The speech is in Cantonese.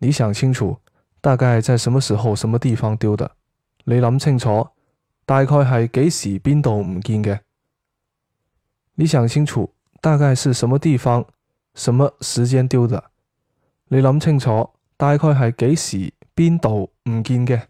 你想清楚，大概在什麼時候、什麼地方丟的？你諗清楚，大概係幾時、邊度唔見嘅？你想清楚，大概是什麼地方、什麼時間丟的？你諗清楚，大概係幾時、邊度唔見嘅？